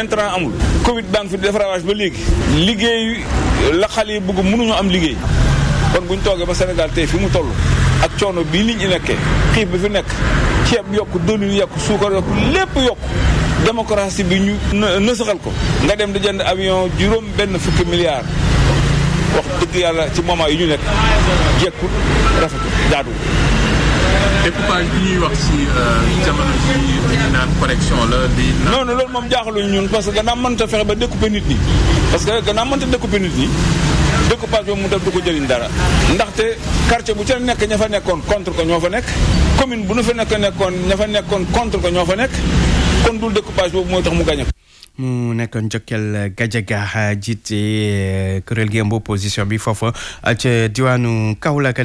intrant amul Covid baa ngi fi def ravage ba léegi liggéey la xal yi bëgg mënuñu am liggéey kon buñ toogee ba Sénégal tey fi mu toll ak coono bii nit ñi nekkee xiif bi fi nekk ceeb yokk dënnu yokk suukar yokk lépp yokk démocratie bi ñu nësaxal ko nga dem di jënd avion juróom benn fukki milliards wax dëgg yàlla ci moment yi bi ñuy wax ci euh, jamono ji wala di. non non loolu moom jaaxaluñ ñun parce que gannaaw mënta fexe ba dekku découper nit ñi parce que gannaaw mënta découper nit ñi découpage boobu mu def du ko jëriñ dara. ndaxte quartier bu ca nekk ña fa nekkoon contre ko ñoo fa nekk commune bu nu fa nekk nekkoon ña fa nekkoon contre ko ñoo fa nekk kon dul découpage boobu mooy tax mu gañe ko mu nekkoon Jokal Gajaga jiite eh, kuréel gi ëmb opposition bi foofu ca diwaanu Kaolack